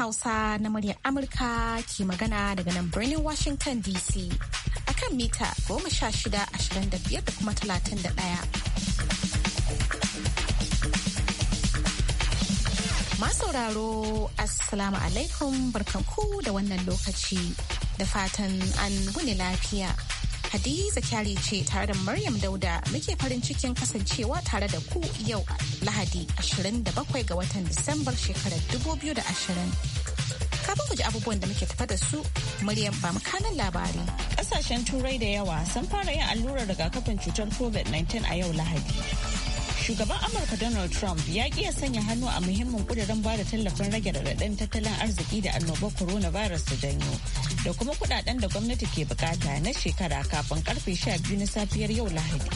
Hausa na muryar Amurka ke magana daga nan birnin Washington DC akan mita goma sha shida da biyar da kuma talatin Masauraro, Assalamu alaikum barkanku da wannan lokaci da fatan an wuni lafiya. Hadiza Kyari ce tare da Maryam Dauda muke farin cikin kasancewa tare da ku yau Lahadi 27 ga watan Disambar shekarar 2020. Kafin ku ji abubuwan da muke tafa da su, Maryam ba makanan labari. Kasashen Turai da yawa sun fara yin allurar rigakafin cutar COVID-19 a yau Lahadi. Shugaban Amurka Donald Trump ya ƙi sanya hannu a muhimmin ƙudurin ba da tallafin rage raɗaɗin tattalin arziki da annobar coronavirus ta janyo. da kuma kudaden da gwamnati ke bukata na shekara kafin karfe 12 na safiyar yau lahadi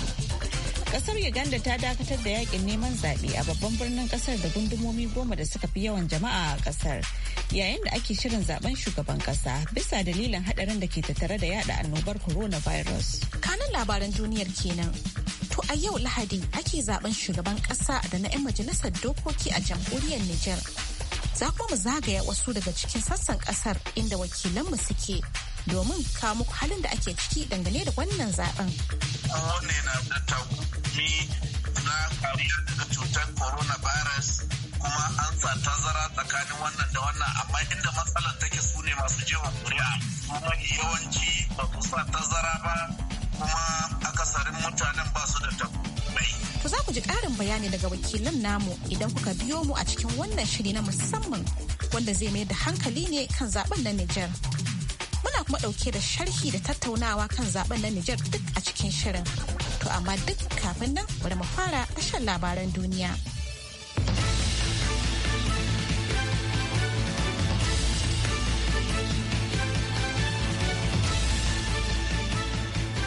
kasar uganda ta dakatar da yakin neman zaɓe a babban birnin kasar da gundumomi goma da suka fi yawan jama'a a kasar yayin da ake shirin zaben shugaban kasa bisa dalilin hadarin da ke tattare da yada annobar coronavirus kanan labaran duniyar kenan to a yau lahadi ake zaben shugaban kasa da na 'yan majalisar dokoki a jamhuriyar niger Za kuma mu zagaya wasu daga cikin sassan kasar inda wakilanmu suke domin kawo muku halin da ake ciki dangane da wannan zaben. Kowane na da takumi na kariyar daga cutar coronavirus kuma an sa tazara tsakanin wannan da wannan amma inda matsalar take su ne masu jewa kuri'a su yawanci ba su sa tazara ba kuma akasarin mutanen ba su da takumi. To za ku ji ƙarin bayani daga wakilan namu idan kuka biyo mu a cikin wannan shiri na musamman wanda zai mai da hankali ne kan zaben na Nijar. Muna kuma ɗauke da sharhi da tattaunawa kan zaben na Nijar duk a cikin shirin. To amma duk kafin nan bari mu fara tashar labaran duniya.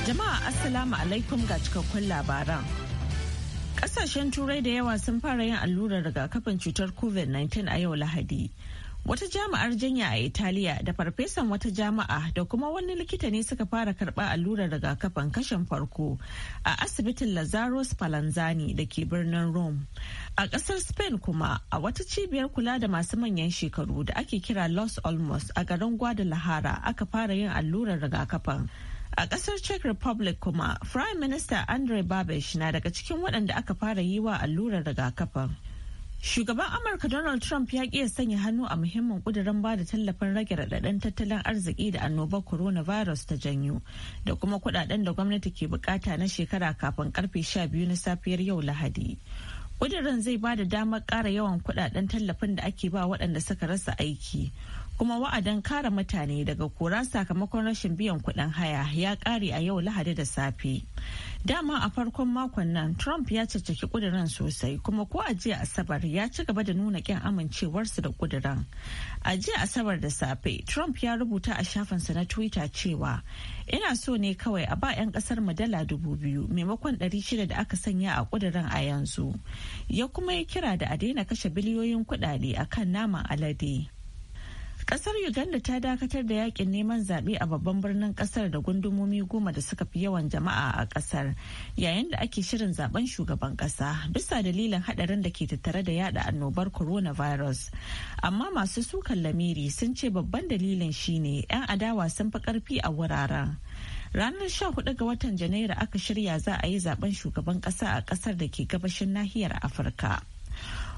Jama'a Assalamu alaikum ga cikakkun labaran. Kasashen Turai da yawa sun fara yin allurar rigakafin cutar COVID-19 a yau Lahadi. Wata jami'ar jinya a Italiya da farfesan wata jami'a da kuma wani likita ne suka fara karɓa allurar rigakafin kashen farko a asibitin Lazaro Spallanzani da ke birnin Rome. A ƙasar Spain kuma a wata cibiyar kula da masu manyan shekaru da ake kira Los Olmos a garin Guadalajara aka fara yin allurar rigakafin. A ƙasar Czech Republic kuma, Prime Minister Andrei Babish na daga cikin waɗanda aka fara yi wa allurar rigakafin. Shugaban Amurka Donald Trump ya ƙi sanya hannu a muhimmin ƙudurin ba da tallafin rage raɗaɗin tattalin arziki da annobar coronavirus ta janyo da kuma kuɗaɗen da gwamnati ke bukata na shekara kafin karfe biyu na safiyar yau Lahadi. Ƙudurin zai ba da damar ƙara yawan kuɗaɗen tallafin da ake ba waɗanda suka rasa aiki. kuma wa'adan kare mutane daga kora sakamakon rashin biyan kuɗin haya ya kare a yau lahadi da safe dama a farkon makon nan trump ya caccaki kuduran sosai kuma ko a jiya asabar ya ci gaba da nuna kyan amincewarsa da kuduran. a jiya asabar da safe trump ya rubuta a shafinsa na twitter cewa ina so ne kawai a ba 'yan kasar mu dala dubu biyu maimakon ɗari shida da aka sanya a kuduran a yanzu ya kuma yi kira da a daina kashe biliyoyin kuɗaɗe akan naman alade Kasar Uganda ta dakatar da yakin neman zaɓe a babban birnin kasar da gundumomi goma da suka fi yawan jama'a a kasar yayin da ake shirin zaben shugaban kasa bisa dalilin haɗarin da ke tattare da yada annobar coronavirus. Amma masu sukan lamiri sun ce babban dalilin shine 'yan adawa sun fi karfi a wuraren. Ranar 14 ga watan Janairu aka shirya za a yi zaben shugaban kasa a kasar da ke gabashin nahiyar Afirka.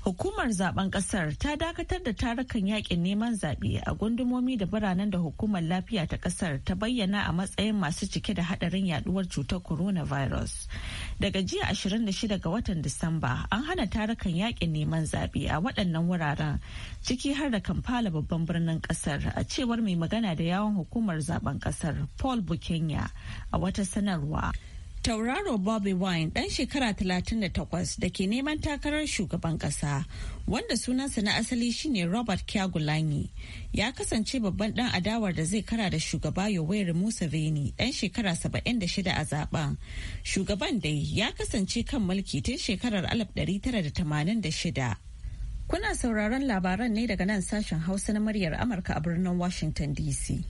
hukumar zaben kasar ta dakatar da tarukan yakin neman zaɓe a gundumomi da biranen da hukumar lafiya ta kasar ta bayyana a matsayin masu cike da hadarin yaduwar cutar coronavirus daga jiya 26 ga watan disamba an hana tarukan yakin neman zaɓe a waɗannan wuraren ciki har da kampala babban birnin kasar a cewar mai magana da yawon hukumar zaben kasar paul bukenya a wata sanarwa Tauraro Bobby Wine ɗan shekara 38 da ke neman takarar shugaban ƙasa wanda sunansa na asali shine Robert Kyagulanyi ya kasance babban ɗan adawar da zai kara da shugaba Yoweri Museveni ɗan shekara 76 a zaben. Shugaban dai ya kasance kan mulki tun shekarar 1986. Kuna sauraron labaran ne daga nan sashen Hausa na muryar Amurka a birnin Washington DC.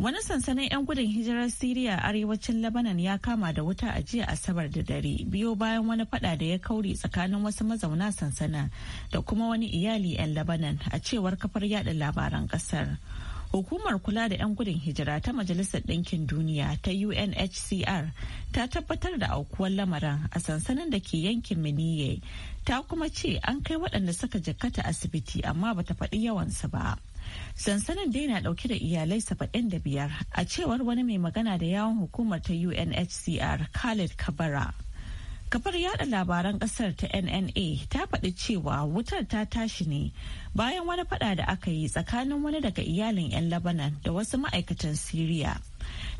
Wani sansanin 'yan gudun hijirar Siriya arewacin Lebanon ya kama da wuta a jiya Asabar da dare biyo bayan wani fada da ya kauri tsakanin wasu mazauna sansanin da kuma wani iyali 'yan Lebanon a cewar kafar yada labaran kasar. Hukumar kula da 'yan gudun hijira ta Majalisar Ɗinkin Duniya ta UNHCR ta tabbatar da aukuwar lamarin a sansanin da ke yankin Miniye ta kuma ce an kai waɗanda suka jikkata asibiti amma bata faɗi yawansu ba. sansanin dai na dauke da iyalai saba'in da biyar a cewar wani mai magana da yawon hukumar ta unhcr khalid kabara kafar yada labaran kasar ta nna ta faɗi cewa wutar ta tashi ne bayan wani fada da aka yi tsakanin wani daga iyalin 'yan labanan da wasu ma'aikatan siriya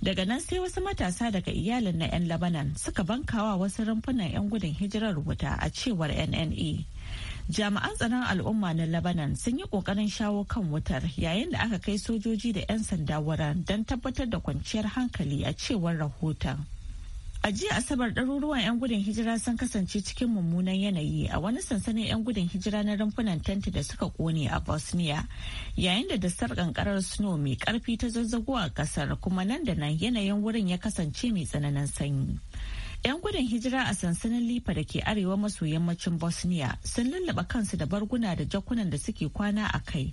daga nan sai wasu matasa daga iyalin na 'yan labanan suka bankawa wasu rumfunan 'yan gudun hijirar wuta a cewar nna jami'an tsaron al'umma na lebanon sun yi kokarin shawo kan wutar yayin da aka kai sojoji da 'yan sanda wurin don tabbatar da kwanciyar hankali a cewar rahoton a jiya asabar ɗaruruwan 'yan gudun hijira sun kasance cikin mummunan yanayi a wani sansanin 'yan gudun hijira na rumfunan tenti da suka kone a bosnia yayin da dasar kankarar snow mai karfi ta zazzago a kasar kuma nan da nan yanayin wurin ya kasance mai tsananin sanyi 'Yan gudun hijira a sansanin Lifa da ke arewa maso yammacin Bosnia sun lallaba kansu da barguna da jakunan da suke kwana a kai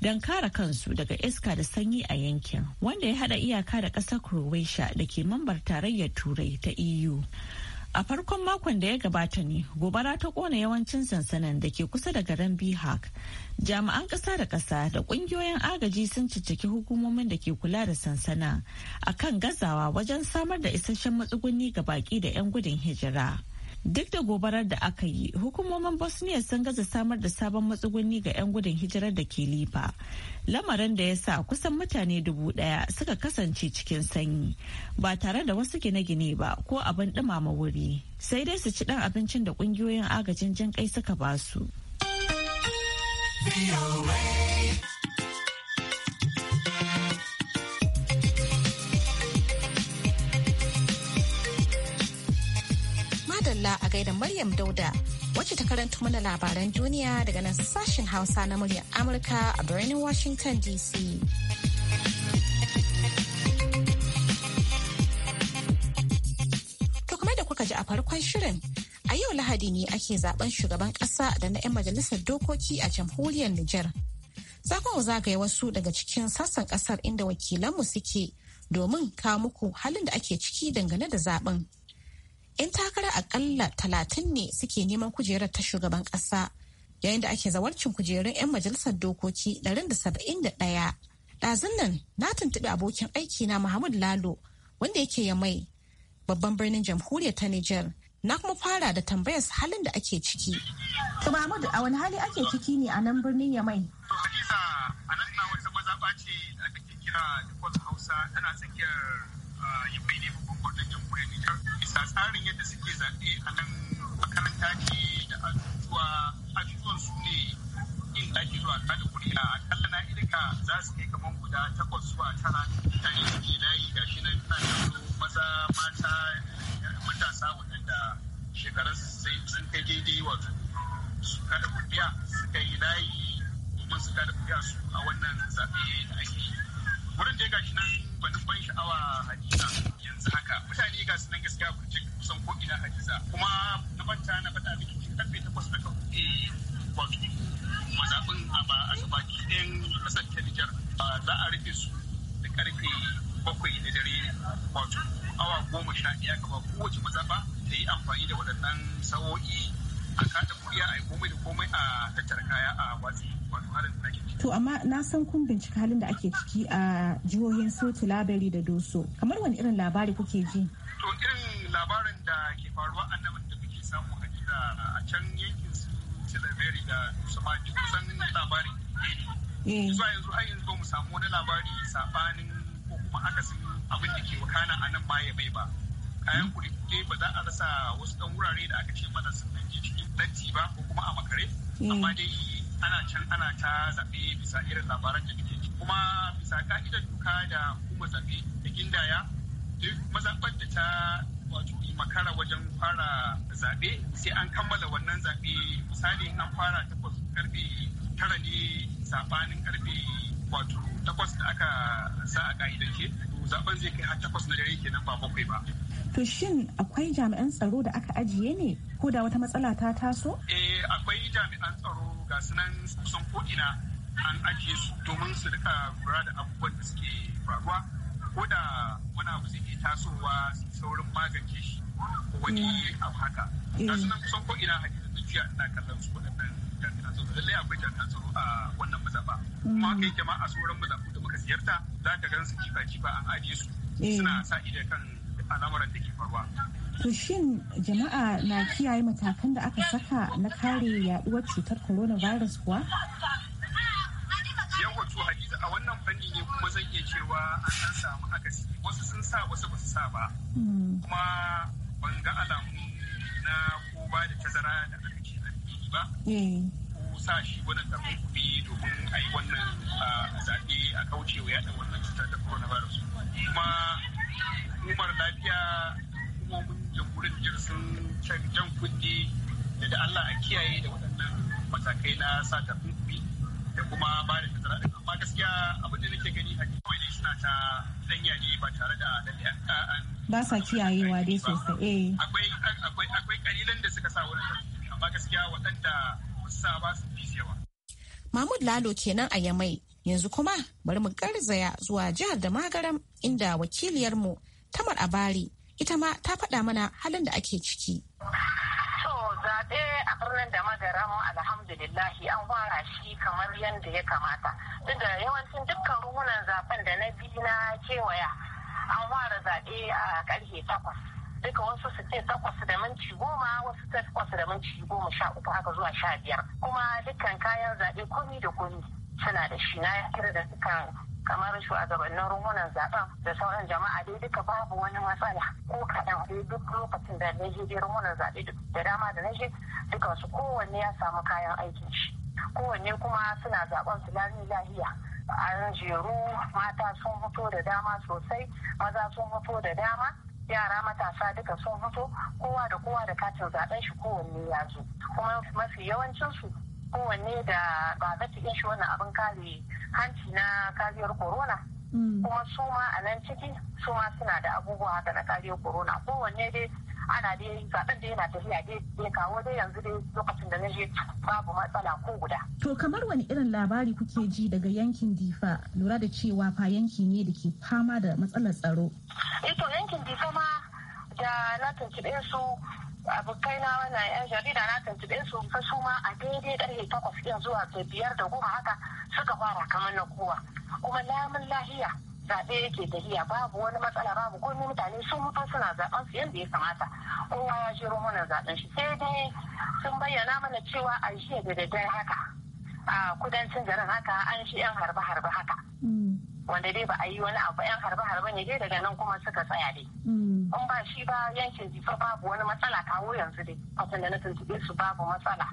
don kare kansu daga iska da sanyi a yankin wanda ya hada iyaka da ƙasar Croatia da ke mambar tarayyar Turai ta EU. A farkon makon da ya gabata ne, gobara ta kona yawancin sansanin da ke kusa da garin Bihak. Jami'an ƙasa da ƙasa da ƙungiyoyin agaji sun cicciki hukumomin da ke kula da sansana a kan gazawa wajen samar da isasshen matsuguni ga baƙi da 'yan gudun hijira. Duk da gobarar da aka yi, hukumomin Bosnia sun gaza samar da sabon matsuguni ga 'yan gudun hijirar da ke lifa. Lamarin da ya sa kusan mutane dubu daya suka kasance cikin sanyi, ba tare da wasu gine-gine ba ko abin ɗumama wuri. Sai dai su ci dan abincin da ƙungiyoyin agajin jin kai suka basu. Allah a gaida Maryam Dauda wacce ta karanta mana labaran duniya daga nan sashen Hausa na muryar Amurka a birnin Washington DC. To kuma da kuka ji a farkon shirin a yau Lahadi ne ake zaben shugaban ƙasa da na 'yan majalisar dokoki a jamhuriyar Nijar. Zakon zagaye wasu daga cikin sassan ƙasar inda wakilanmu suke domin kawo muku halin da ake ciki dangane da zaben. 'yan takara akalla talatin ne suke neman kujerar ta shugaban ƙasa yayin da ake zawarcin kujerun 'yan majalisar dokoki ɗaya. ɗazun nan na tuntuɓi abokin aiki na Muhammad Lalo wanda yake ya mai babban birnin jamhuriyar ta Niger, Na kuma fara da tambayar halin da ake ciki. To a wani hali ake ciki ne a nan birnin Yamai? To Hadiza a nan na wata mazaɓa ce da ake kira tana tsakiyar yabai ne babban gwamnan jamhuriyar Nijar bisa tsarin yadda suke zaɓe a nan makaranta ce da ajujuwa ajujuwan su ne inda ake zuwa kada kuri'a akalla na irka za su kai kamar guda takwas zuwa tara ta mutane suke layi ga shi nan ta maza mata matasa waɗanda shekarunsu sai sun kai daidai wato su kada kuri'a suka yi layi domin su kada kuri'a su a wannan zaɓe da ake yi wurin da ya gashi nan gwanin ban sha'awa hadiza yanzu haka mutane ga su nan gaskiya burjik kusan ko ina hadiza kuma na banta na faɗa miki cikin karfe takwas na kan kuɗi eh, wato mazaɓin a ba a gabaki ɗin ƙasar ta Nijar za a rufe su da karfe bakwai da dare wato awa goma sha ɗaya gaba kowace mazaɓa ta yi amfani da waɗannan sawo'i a kada kuya a komai da komai a tattara kaya a watsi wato halin da ake ciki. To amma na san kun bincika halin da ake ciki a jihohin Soto Labari da Doso. Kamar wani irin labari kuke ji? To irin labarin da ke faruwa a nan da kuke samu a gida a can yankin su Tilaberi da Doso ma duk kusan labari. Eh. Zuwa yanzu har yanzu ba mu samu wani labari sabanin ko kuma akasin abin da ke wakana a nan ba ya bai ba. kayan kuɗi dai ba za a rasa wasu ɗan wurare da aka ce mana sun ɗan je cikin ɗanci ba ko kuma a makare mm. amma dai ana can ana ta zaɓe bisa irin labaran da ke kuma bisa ka'idar doka da kuma zaɓe da gindaya duk mazaɓar da ta wato makara wajen fara zaɓe sai an kammala wannan zaɓe misali an fara takwas karfe tara ne saɓanin karfe wato takwas da aka sa a ka'idance zaɓen zai kai har takwas na dare kenan ba bakwai ba To shin akwai jami'an tsaro da aka ajiye ne ko da wata matsala ta taso? Eh akwai jami'an tsaro ga sunan kusan ko'ina an ajiye su domin su rika lura da abubuwan da suke faruwa ko da wani abu zai tasowa saurin magance shi ko wani abu haka. Mm. Ga sunan eh. kusan ko'ina hajji da jiya ina kallon su waɗannan jami'an tsaro lallai akwai jami'an tsaro a wannan mazaba. Kuma kai jama'a mm. sauran mazabu da muka ziyarta za ka gan su kifa kifa an ajiye su eh. suna sa ido kan al'amuran da ke faruwa. To shin jama'a na kiyaye matakan da aka saka na kare yaduwar cutar coronavirus kuwa? Yawa to hakika a wannan fanni ne kuma zan iya cewa an san samu akasi wasu sun sa wasu ba su sa ba. Hmm. Kuma ban ga alamu na ko ba da tazara da aka ce addini ba. Eh. Ko sa shi wannan takunkumi domin a yi wannan ah, zaɓe a wa yaɗa wannan cutar da coronavirus. Kuma Umar lafiya hukumomin jamhuriyar Nijar sun jan kundi da da Allah a kiyaye da waɗannan matakai na sa takunkumi da kuma ba da tattara ɗin amma gaskiya abin da nake gani a kiyaye ne suna ta danya ne ba tare da lalle ba sa kiyayewa dai sosai eh. akwai akwai akwai kalilan da suka sa wurin amma gaskiya waɗanda sa ba su fi yawa Mahmud Lalo kenan a Yamai Yanzu kuma bari mu garzaya zuwa jihar da magaram inda wakiliyarmu Tamar bari ita ma ta faɗa mana halin da ake ciki. To zaɓe a birnin da magaram alhamdulillahi an fara shi kamar yadda ya kamata. Duk yawancin dukkan ruhunan zaben da na bi na kewaya an fara zaɓe a ƙarfe takwas. duka wasu su ce takwas da minti goma wasu takwas da minti goma sha uku haka zuwa sha biyar kuma dukkan kayan zaɓe komi da komi suna da shi na kira da suka kamar shugabannin rumunan zaben da sauran jama'a dai duka babu wani matsala ko kaɗan dai duk lokacin da na je rumunan zaɓe da dama da na je wasu kowanne ya samu kayan aikin shi kowanne kuma suna zaben su lami lahiya an jeru mata sun fito da dama sosai maza sun fito da dama yara matasa duka sun fito kowa da kowa da katin zaɓen shi kowanne ya zo kuma mafi yawancinsu kowanne da ba za ta iya shi wannan abin kare hanci na kariyar corona kuma su ma a nan ciki su ma suna da abubuwa haka na kariyar corona kowanne dai ana dai zaɓen da yana tafiya dai ya kawo dai yanzu dai lokacin da na je babu matsala ko guda. To kamar wani irin labari kuke ji daga yankin Difa lura da cewa fa yanki ne da ke fama da matsalar tsaro. Ito eh yankin Difa ma da na tuntuɓe su abokai na wannan yan jarida na tuntube su fa su ma a daidai karfe takwas ɗin zuwa biyar da goma haka suka fara kamar na kowa kuma lamun lahiya zaɓe yake tafiya babu wani matsala babu komi mutane sun mutu suna zaɓen su yadda ya kamata kowa ya shiro mana zaɓen shi sai dai sun bayyana mana cewa a jiya da daddare haka a kudancin garin haka an shi yan harbe-harbe haka mm. wanda dai ba a yi wani abu yan harbe harbe ne dai daga nan kuma suka tsaya dai mm. in ba shi ba yankin jifa babu wani matsala kawo yanzu dai mutum da na tuntube su babu matsala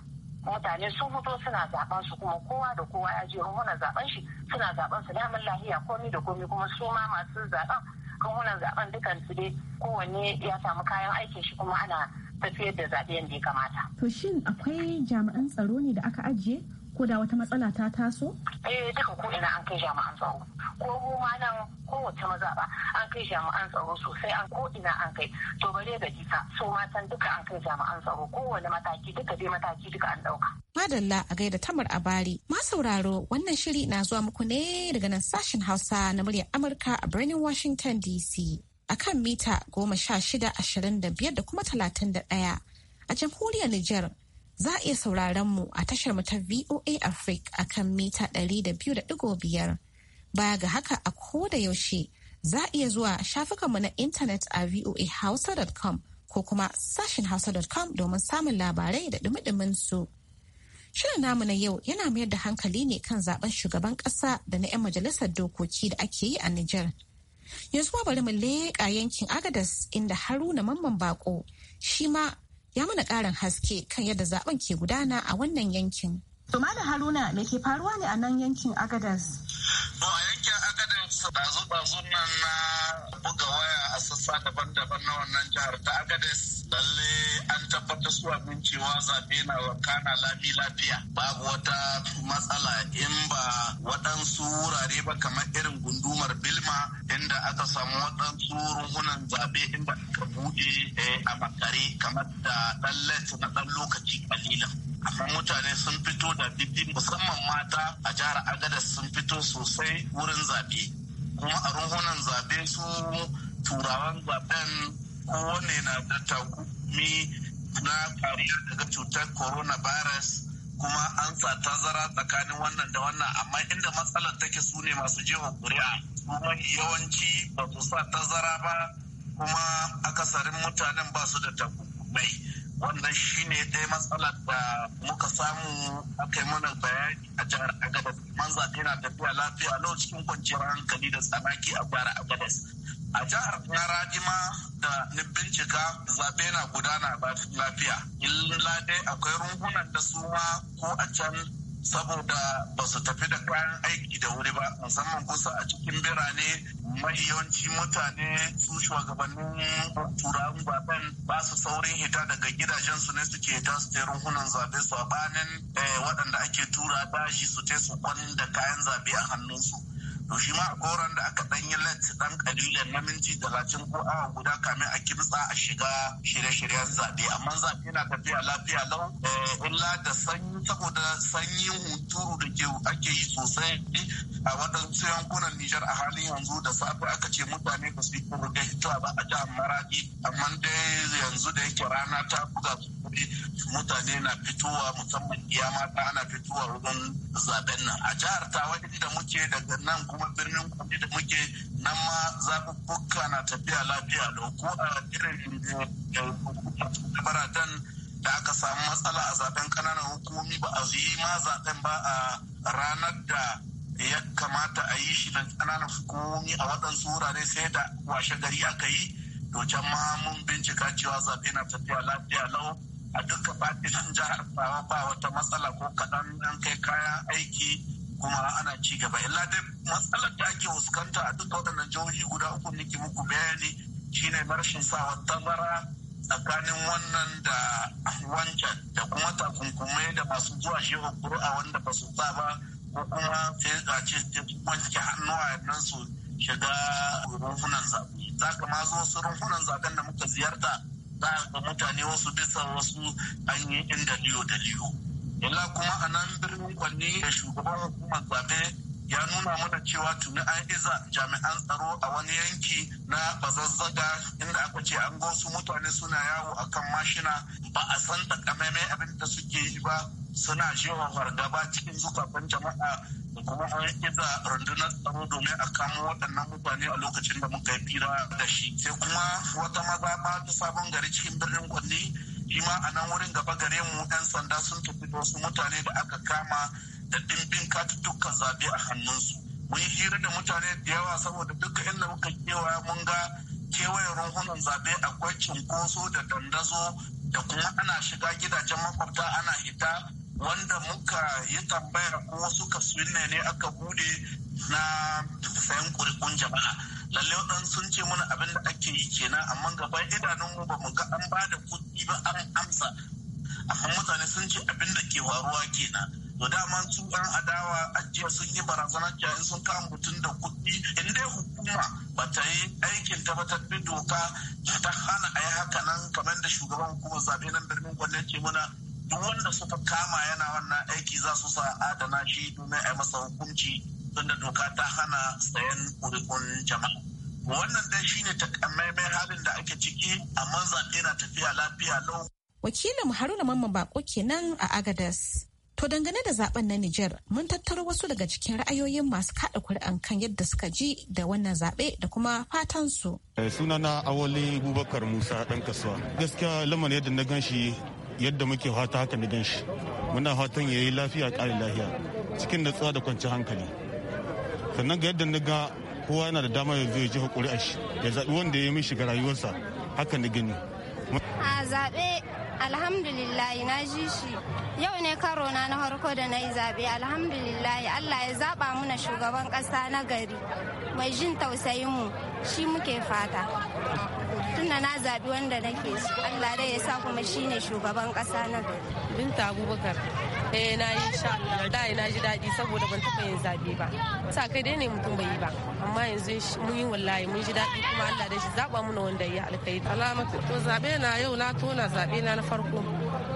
mutane sun fito suna zaben su kuma kowa da kowa ya je huna zaben shi suna zaben su damar lahiya komi da komi kuma su ma masu zaben kan zaben dukan su dai kowanne ya samu kayan aikin shi kuma ana tafiyar da zaɓe yadda ya kamata. To shin akwai jami'an tsaro ne da aka ajiye ko da wata matsala ta taso? Eh duka ko ina an kai jami'an tsaro. Ko mu ma nan kowace ba an kai jami'an tsaro sosai an ko ina an kai. To bare da jita so matan duka an kai jami'an tsaro kowane mataki duka dai mataki duka an ɗauka. Madalla a gaida tamar a bari. Ma sauraro wannan shiri na zuwa muku ne daga nan sashen Hausa na muryar Amurka a birnin Washington DC. a kan mita goma sha shida ashirin da biyar da kuma talatin da ɗaya a jamhuriyar Nijar Za a iya sauraron mu a tashar mu ta VOA Africa a kan mita 200.5. Baya ga haka a koda yaushe za a iya zuwa shafukanmu na intanet a voahausa.com ko kuma sashin hausa.com domin samun labarai da dumi su. Shirin namu na yau yana mayar da hankali ne kan zaben shugaban ƙasa da na 'yan majalisar dokoki da ake yi a Nijar. Yanzu bari mu leƙa yankin Agadas inda Haruna Mamman Bako shi ma ya mana ƙarin haske kan yadda zaben ke gudana a wannan yankin. To da Haruna me ke faruwa ne a nan yankin Agadas? To a yankin Agadas ɗazu-ɗazu nan na buga waya a sassa daban-daban na wannan jihar ta Agadas lalle an tabbatar su abin cewa zaɓe na wakana lami lafiya. Babu wata matsala in ba waɗansu wurare ba kamar irin gundumar Bilma inda aka samu waɗansu rungunan zaɓe ba ka buɗe eh, a makare kamar da ɗan na ɗan lokaci ƙalilan. mutane sun fito da bibi musamman mata a jihar agadas sun fito sosai wurin zaɓe kuma a runhunan zaɓe su turawan zaɓen kowane na da takumi na kariya daga cutar coronavirus kuma an sa tazara tsakanin wannan da wannan amma inda matsalar take su ne masu jewa kuri'a kuma yawanci ba su sa tazara ba kuma akasarin mutanen ba su da takumai wannan shi ne dai matsalar da muka samu aka yi mana bayani a jihar agabas man zaɓe na tafiya lafiya lau cikin kwanciyar hankali da tsanaki a gwara agabas a jihar naradima da ni bincika zaɓe na gudana lafiya In lade akwai rungunan da su ma ko a can saboda ba su tafi da kayan aiki da wuri ba musamman kusa a cikin birane mai yawanci mutane su shugabannin turawan baban ba su saurin hita daga gidajen su ne suke hita su ta rungunan zabe su a eh, waɗanda ake tura bashi su te su da kayan zabe a hannunsu. to shi ma goron da aka dan yi lati dan kalilan na minti talatin ko awa guda kamin a kimtsa a shiga shirye-shiryen zabe amma zaɓe yana tafiya lafiya lau eh, illa da sanyi saboda sanyin hunturu da ke ake yi sosai a waɗansu yankunan Nijar a halin yanzu da safe aka ce mutane ba su yi da hijira ba a jihar Maradi amma dai yanzu da yake rana ta buga mutane na fitowa musamman iya mata ana fitowa wajen zaben nan a jihar Tawa da muke daga nan kuma birnin kudi da muke nan ma zaɓuɓɓuka na tafiya lafiya da ko a irin eh, eh, baradan da aka samu matsala a zaben kananan hukumi ba a yi ma zaben ba a ranar da ya kamata a yi shi da kananan hukumi a waɗansu wurare sai da washe gari aka yi to can ma mun bincika cewa zaɓe na tafiya lafiya lau a duka faɗin jihar bawa ba wata matsala ko kaɗan an kai kayan aiki kuma ana ci gaba illa dai matsalar da ake fuskanta a duka waɗannan jihohi guda uku nake muku bayani shine rashin sa tazara tsakanin wannan da wancan da kuma takunkumai da masu zuwa shehu a wanda ba su sa ba ko kuma sai a ce wanke hannu yannan su shiga rumfunan zaɓe za ka ma zo wasu rumfunan zaɓen da muka ziyarta za ga mutane wasu bisa wasu an yi in daliyo kuma a nan birnin kwanni da shugaban hukumar zaɓe ya nuna mana cewa tuni an iza jami'an tsaro a wani yanki na bazazzaga inda aka ce an su mutane suna yawo a kan mashina ba a san takamaimai abin da suke yi ba suna jewa fargaba cikin zukatan jama'a da kuma an iza rundunar tsaro domin a kamo waɗannan mutane a lokacin da muka yi fira da shi sai kuma wata maza ba ta sabon gari cikin birnin kwanni shi a nan wurin gaba gare mu 'yan sanda sun tafi da wasu mutane da aka kama da ɗimbin katuttukan zaɓe a hannunsu mun yi hira da mutane da yawa saboda duka inda muka kewaya mun ga kewayen runhunan zaɓe akwai cinkoso da dandazo da kuma ana shiga gidajen makwabta ana hita wanda muka yi tambaya ko suka swinne ne aka bude na sayan ƙuri'un jama'a lalle waɗansu sun ce mana abin da ake yi kenan amma idanun idanunmu ba mu ga an ba da kuɗi ba an amsa amma mutane sun ce abin da ke waruwa kenan to dama su an adawa a jiya sun yi barazanar jihar sun kama mutum da kuɗi in dai hukuma ba ta yi aikin tabbatar da doka ta hana a yi haka nan kamar da shugaban hukumar zaɓe nan birnin gwamnati ce muna duk wanda suka kama yana wannan aiki za su sa adana shi domin a yi masa hukunci tunda doka ta hana sayan kurikun jama'a wannan dai shine takamaimai halin da ake ciki amma zaɓe na tafiya lafiya lau wakilin haruna mamman bako kenan a agadas To dangane da zaben na Nijar, mun tattaro wasu daga cikin ra'ayoyin masu kaɗa kuri'an kan yadda suka ji da wannan zaɓe da kuma fatan su. Eh, na Awali Bubakar Musa ɗan kasuwa. Gaskiya lamar yadda na gan shi yadda muke fata haka na gan Muna fatan ya lafiya ƙari lafiya cikin natsuwa da kwanciyar hankali. Sannan ga yadda na ga kowa yana da dama ya zo ya jefa ƙuri'a shi ya zaɓi wanda ya yi mishi ga rayuwarsa haka na gani. A zaɓe alhamdulillahi na ji shi yau ne karo na na harko da na yi zaɓe alhamdulillahi allah ya zaɓa muna shugaban ƙasa na gari mai jin tausayin mu shi muke fata tunda na zaɓi wanda nake so allah dai ya sa kuma shine shugaban ƙasa na gari eh na yi sha Allah na ji daɗi saboda ban taɓa yin zaɓe ba sa kai dai ne mutum bai yi ba amma yanzu mun yi wallahi mun ji daɗi kuma Allah da shi zaɓa mu wanda ya alkai alamatu to zaɓe na yau na tona zaɓe na na farko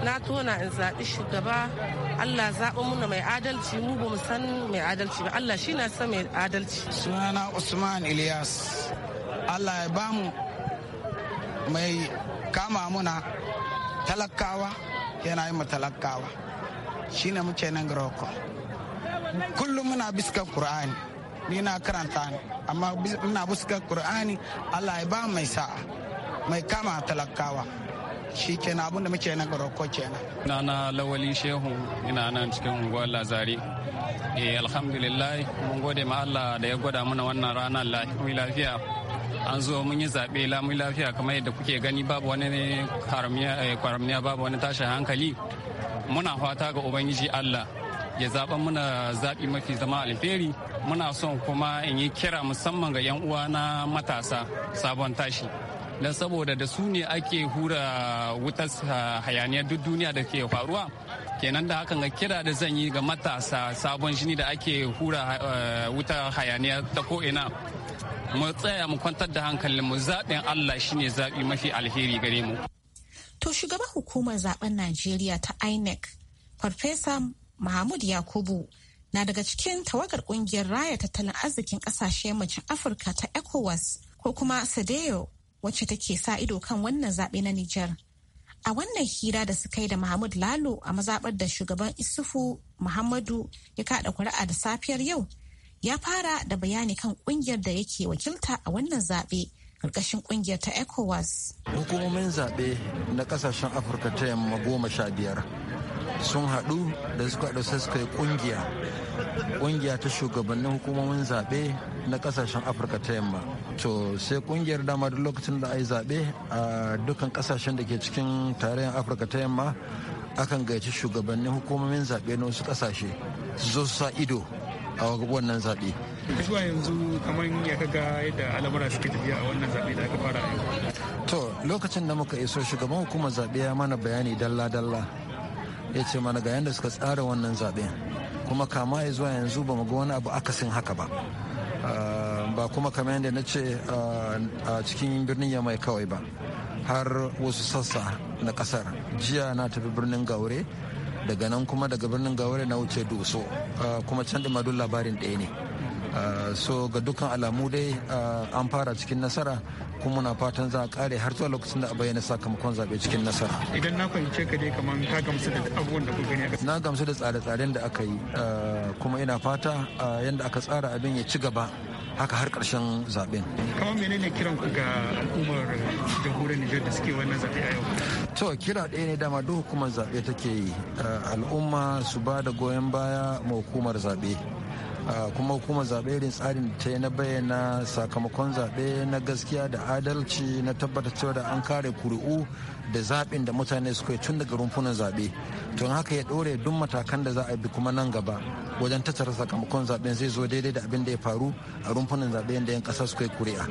na tona in zaɓi shugaba Allah zaɓa muna mai adalci mu ba mu san mai adalci ba Allah shi na san mai adalci sunana Usman Ilyas Allah ya bamu mai kama muna talakawa yana yi talakawa shine muke nan garoko kullum muna biskan qur'ani ni na karanta amma muna biskan qur'ani Allah ya ba mai sa'a mai kama talakawa shi kenan abin da muke na garoko kenan na na lawali shehu ina nan cikin unguwar lazari eh alhamdulillah mun gode ma Allah da ya gwada mana wannan ranar lafiya an zo mun yi zaɓe lamun lafiya kamar yadda kuke gani babu wani eh, kwaramiya babu wani tashin hankali muna fata ga ubangiji allah ya zaɓa muna zaɓi mafi zama alheri muna son kuma in yi kira musamman ga 'yan uwa na matasa sabon tashi don saboda da su ne ake hura wutar hayaniyar duk duniya da ke faruwa kenan da hakan ga kira da zan yi ga matasa sabon jini da ake hura eh, wuta hayaniya ta ko'ina mu tsaya mu kwantar da hankalin mu zaɓin allah shine zaɓi mafi alheri gare mu To shugaban hukumar zaben Najeriya ta INEC, Farfesa Mahmud Yakubu na daga cikin tawagar kungiyar raya tattalin arzikin kasashe yammacin Afirka ta ECOWAS ko kuma Sadeo wacce take sa ido kan wannan zaɓe na Nijar. A wannan hira da suka yi da Mahmud Lalo a mazaɓar da shugaban Isufu Muhammadu ya kaɗa kuri'a da safiyar yau, ya fara da bayani kan kungiyar da yake wakilta a wannan zaɓe karkashin ƙungiyar ta ecowas hukumomin zaɓe na ƙasashen afirka ta yamma goma sha biyar sun haɗu da suka haɗu sai suka yi ƙungiya ƙungiya ta shugabannin hukumomin zaɓe na ƙasashen afirka ta yamma to sai ƙungiyar dama duk lokacin da ai zaɓe a dukkan ƙasashen da ke cikin tarayyar afirka ta yamma akan gayyaci shugabannin hukumomin zaɓe na wasu ƙasashe su zo sa ido a wannan zaɓe zuwa yanzu kamar ya kaga yadda al'amura suke tafiya a wannan zaɓe da aka fara yau to lokacin da muka iso shugaban hukumar zaɓe ya mana bayani dalla-dalla ya ce mana ga yadda suka tsara wannan zaɓe kuma kama ya zuwa yanzu ba mu ga wani abu akasin haka ba ah, ba kuma kamar yadda na ce ah, a cikin birnin yamai kawai ba har wasu sassa na kasar jiya na tafi birnin gaure daga nan kuma daga birnin gaure na wuce doso ah, kuma can da labarin ɗaya ne Eh, so ga dukkan alamu dai eh, an fara cikin nasara kuma muna fatan za a kare har zuwa lokacin da a bayyana sakamakon zaɓe cikin nasara idan na fahimce ka dai kamar ka gamsu da abubuwan da ku gani na gamsu da tsare-tsaren da aka yi eh, kuma ina fata yadda aka tsara abin ya ci gaba haka har karshen zaben. Kamar menene kiran ku ga al'ummar jamhuriyar Nijar da suke wannan zaɓe a yau? To kira ɗaya ne dama duk hukumar zaɓe take yi al'umma su ba da goyon baya ma hukumar zaɓe. kuma hukumar zaɓe irin tsarin ta na bayyana sakamakon zaɓe na gaskiya da adalci na tabbatar cewa da an kare kuri'u da zaɓin da mutane suka yi tun daga rumfunan zaɓe to haka ya ɗore duk matakan da za a bi kuma nan gaba wajen tattara sakamakon zaɓen zai zo daidai da abin da ya faru a rumfunan zaɓe yadda yan ƙasa suka yi kuri'a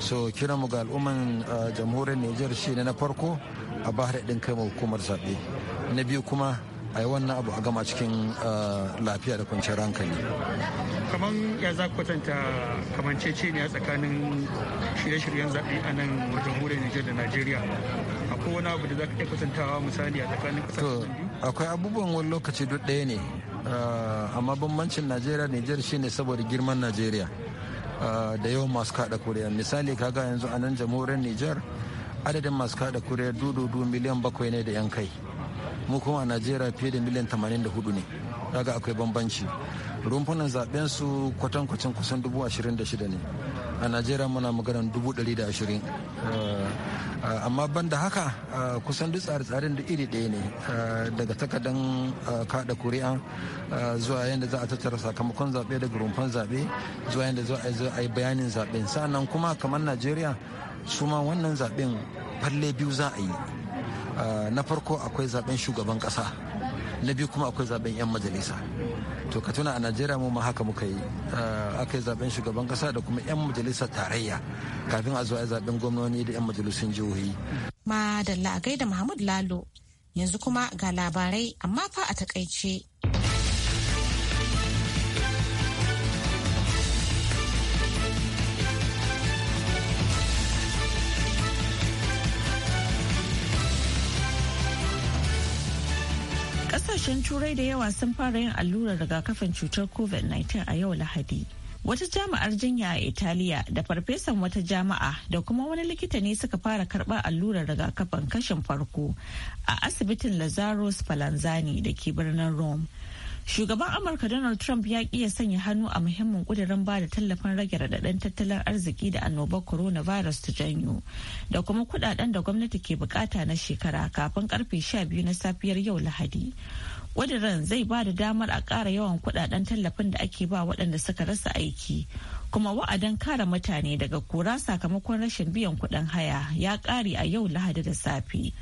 so kiranmu mu ga al'umman jamhuriyar niger shi ne na farko a bahar ɗin kai hukumar zaɓe na biyu kuma a yi wannan abu a gama cikin ah, lafiya da kwanciyar hankali kamar ya za kwatanta cece ne a tsakanin shirye-shiryen zaɓe a nan jamhuriyar nijar da najeriya akwai wani abu da za ka iya kwatantawa misali a tsakanin to akwai abubuwan wani lokaci duk ɗaya ne ah, amma bambancin najeriya nijar shine saboda girman najeriya ah, da yawan masu kada kuriya misali kaga yanzu a nan jamhuriyar nijar adadin masu kada kuriya dududu miliyan bakwai ne da yan kai mu kuma a najeriya fiye da miliyan 84 ne daga akwai bambanci rumfunan zaben su kwatankwacin kusan shida ne a najeriya muna maganar 120 eh, eh, amma ban da haka eh, kusan duk tsare-tsaren da iri ɗaya ne daga takardar kada kuri'a zuwa yadda za a tattara sakamakon zaɓe daga rumfan zaɓe zuwa yadda za a yi bayanin zaɓen sannan kuma kamar najeriya su ma wannan zaɓen falle biyu za a yi Ah, na farko akwai zaben shugaban kasa na biyu kuma akwai zaben 'yan majalisa to ka tuna a najeriya mu ma haka muka yi ah, aka zaben shugaban kasa da kuma 'yan majalisa tarayya kafin a zo a zaben gwamnoni da 'yan majalisun jihohi madalla a gaida muhammad lalo yanzu kuma ga labarai amma fa a takaice kasashen turai da yawa sun fara yin allurar rigakafin cutar covid-19 a yau lahadi wata jami'ar jinya a italiya da farfesan wata jami'a da kuma wani likita ne suka fara karɓar allurar rigakafin kashin farko a asibitin lazaro spallanzani da ke birnin rome shugaban amurka donald trump ya ƙi sanya hannu a muhimmin ƙudurin ba da tallafin rage radadin tattalin arziki da annobar coronavirus ta janyo da kuma kuɗaɗen da gwamnati ke bukata na shekara kafin karfe 12 na safiyar yau lahadi ƙudurin zai ba da damar a ƙara yawan kuɗaɗen tallafin da ake ba waɗanda suka rasa aiki kuma wa'adin kare mutane daga kura sakamakon rashin biyan kuɗin haya ya ƙare a yau lahadi da safe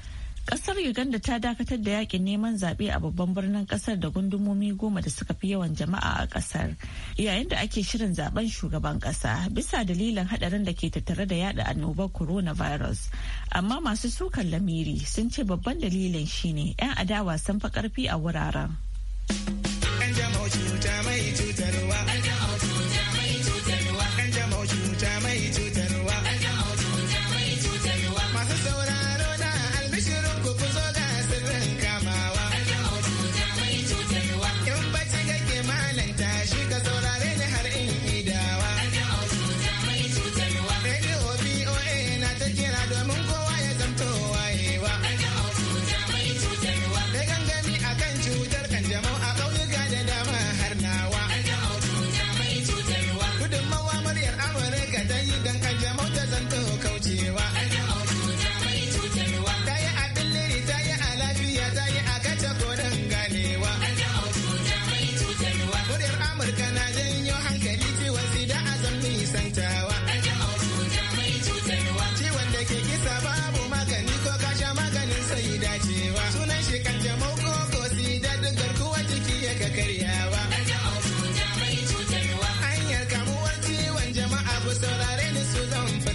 Ƙasar Uganda ta dakatar da yakin neman zaɓe a babban birnin ƙasar da gundumomi goma da suka fi yawan jama'a a ƙasar. yayin da ake shirin zaben shugaban ƙasa, bisa dalilin haɗarin da ke tattare da yada annobar coronavirus. Amma masu sukan lamiri sun ce babban dalilin shine 'yan adawa sun fi karfi a wuraren.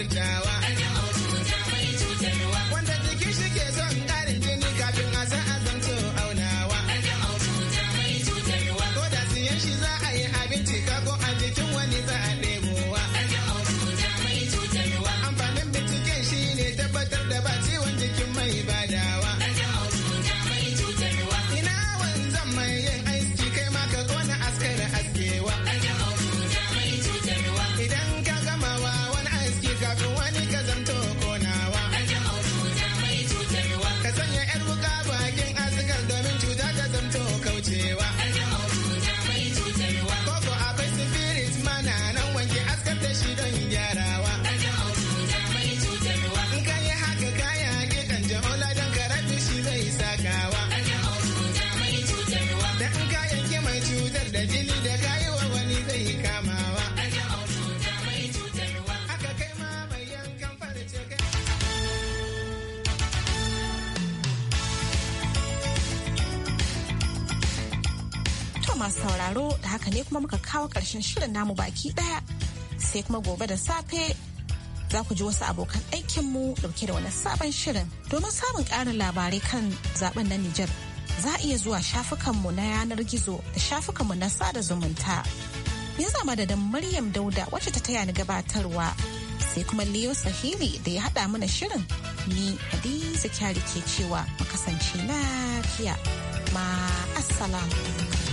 down. masu sauraro da haka ne kuma muka kawo ƙarshen shirin namu baki ɗaya sai kuma gobe da safe za ku ji wasu abokan aikinmu dauke da wani sabon shirin domin samun karin labarai kan zaben na Nijar. Za a iya zuwa shafukanmu na yanar gizo da shafukanmu na sada zumunta. Ya zama da Maryam Dauda wacce ta taya ni gabatarwa sai kuma Leo Sahili da ya haɗa mana shirin ni Hadiza Kyari ke cewa mu kasance lafiya. Ma assalamu